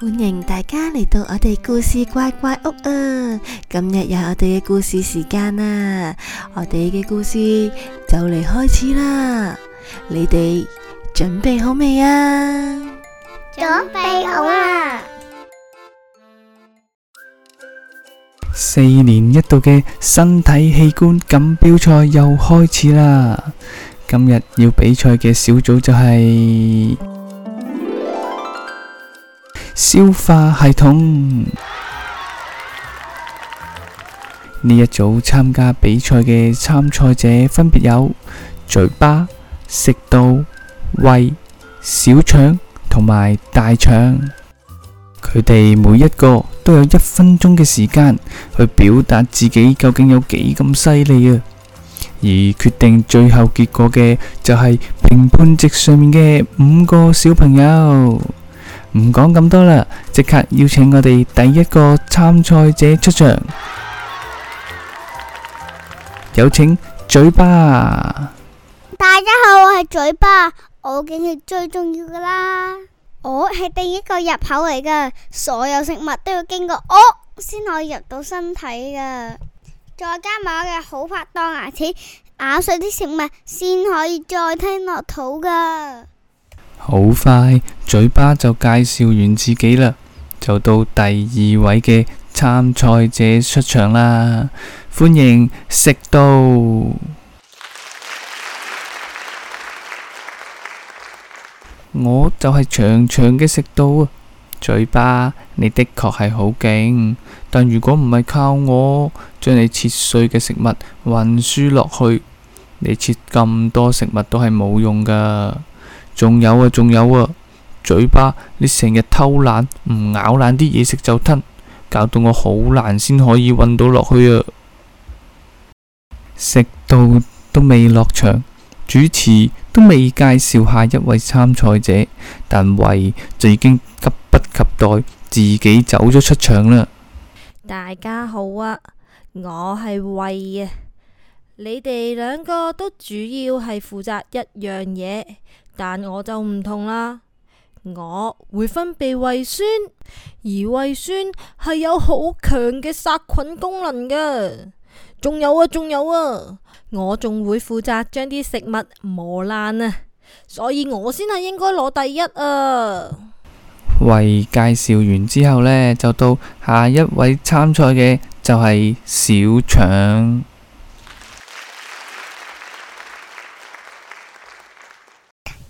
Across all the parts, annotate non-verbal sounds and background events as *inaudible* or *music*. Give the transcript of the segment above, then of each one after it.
歡迎大家嚟到我哋故事怪怪屋啊！今日有我哋嘅故事時間啦，我哋嘅故事就嚟開始啦，你哋準備好未啊？準備好啦！四年一度嘅身體器官錦標賽又開始啦，今日要比賽嘅小組就係。消化系統呢，一組參加比賽嘅參賽者分別有嘴巴、食道、胃、小腸同埋大腸。佢哋每一個都有一分鐘嘅時間去表達自己究竟有幾咁犀利啊！而決定最後結果嘅，就係評判席上面嘅五個小朋友。唔講咁多啦，即刻邀請我哋第一個參賽者出場，有請嘴巴。大家好，我係嘴巴，我梗係最重要噶啦。我係第一個入口嚟噶，所有食物都要經過我先可以入到身體噶，再加埋我嘅好拍檔牙齒，咬碎啲食物先可以再吞落肚噶。好快，嘴巴就介紹完自己啦，就到第二位嘅參賽者出場啦，歡迎食道， *noise* 我就係長長嘅食道。嘴巴，你的確係好勁，但如果唔係靠我將你切碎嘅食物運輸落去，你切咁多食物都係冇用噶。仲有啊，仲有啊！嘴巴你成日偷懶，唔咬爛啲嘢食就吞，搞到我好難先可以運到落去啊！食到都未落場，主持都未介紹下一位參賽者，但胃就已經急不及待，自己走咗出場啦。大家好啊，我係胃啊！你哋兩個都主要係負責一樣嘢。但我就唔同啦，我會分泌胃酸，而胃酸係有好強嘅殺菌功能㗎。仲有啊，仲有啊，我仲會負責將啲食物磨爛啊，所以我先係應該攞第一啊。胃介紹完之後呢，就到下一位參賽嘅就係小腸。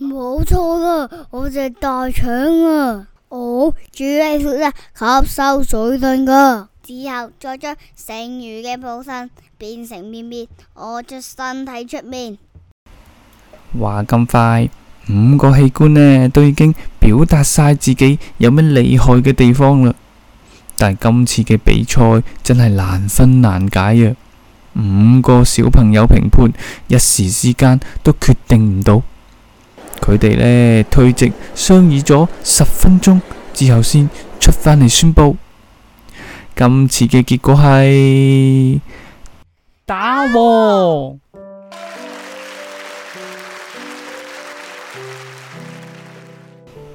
冇錯啦，我隻大腸啊，哦，主要負責吸收水分噶，之後再將剩餘嘅部分變成便便，屙出身體出面。話咁快，五個器官呢都已經表達晒自己有咩厲害嘅地方啦。但今次嘅比賽真係難分難解啊！五個小朋友評判一時之間都決定唔到。佢哋呢，退席商議咗十分鐘之後，先出返嚟宣布今次嘅結果係打和王。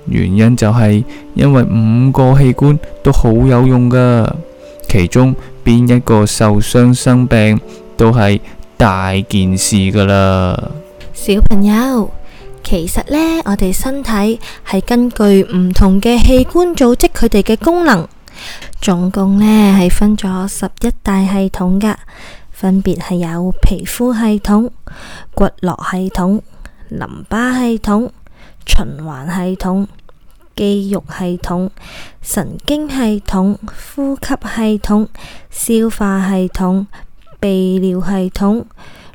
原因就係因為五個器官都好有用噶，其中邊一個受傷生病都係大件事噶啦，小朋友。其實呢，我哋身體係根據唔同嘅器官組織，佢哋嘅功能，總共呢，係分咗十一大系統㗎，分別係有皮膚系統、骨骼系統、淋巴系統、循環系統、肌肉系統、神經系統、呼吸系統、消化系統、泌尿系統、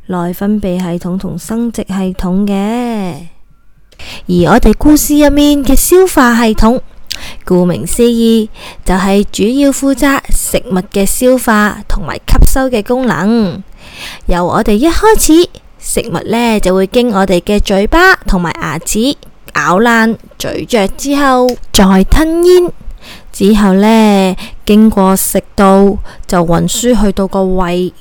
內分泌系統同生殖系統嘅。而我哋故事入面嘅消化系統，顧名思義就係、是、主要負責食物嘅消化同埋吸收嘅功能。由我哋一開始，食物呢就會經我哋嘅嘴巴同埋牙齒咬爛咀嚼，之後再吞嚥。之後呢，經過食道就運輸去到個胃，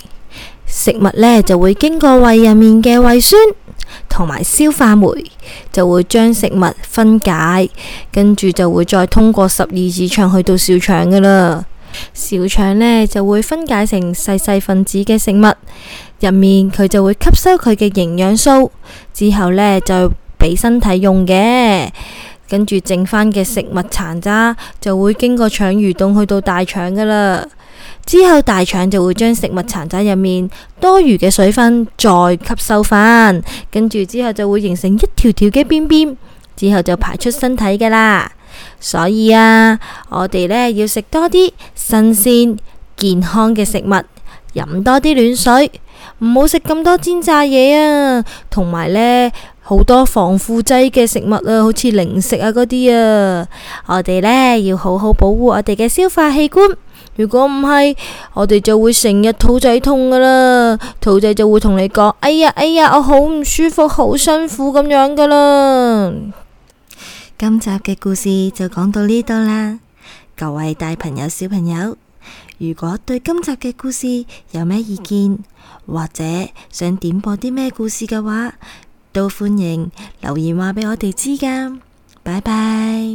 食物呢就會經過胃入面嘅胃酸。同埋消化酶就會將食物分解，跟住就會再通過十二指腸去到小腸㗎喇。小腸呢，就會分解成細細分子嘅食物，入面佢就會吸收佢嘅營養素，之後呢，就俾身體用嘅，跟住剩返嘅食物殘渣就會經過腸蠕動去到大腸㗎喇。之後大腸就會將食物殘渣入面多餘嘅水分再吸收返。跟住之後就會形成一條條嘅便便，之後就排出身體噶啦。所以啊，我哋呢要食多啲新鮮健康嘅食物，飲多啲暖水，唔好食咁多煎炸嘢啊，同埋呢好多防腐劑嘅食物啊，好似零食啊嗰啲啊，我哋呢要好好保護我哋嘅消化器官。如果唔係，我哋就會成日肚仔痛噶啦，肚仔就會同你講：哎呀哎呀，我好唔舒服，好辛苦咁樣噶啦。今集嘅故事就講到呢度啦，各位大朋友、小朋友，如果對今集嘅故事有咩意見，或者想點播啲咩故事嘅話，都歡迎留言話俾我哋知噶。拜拜。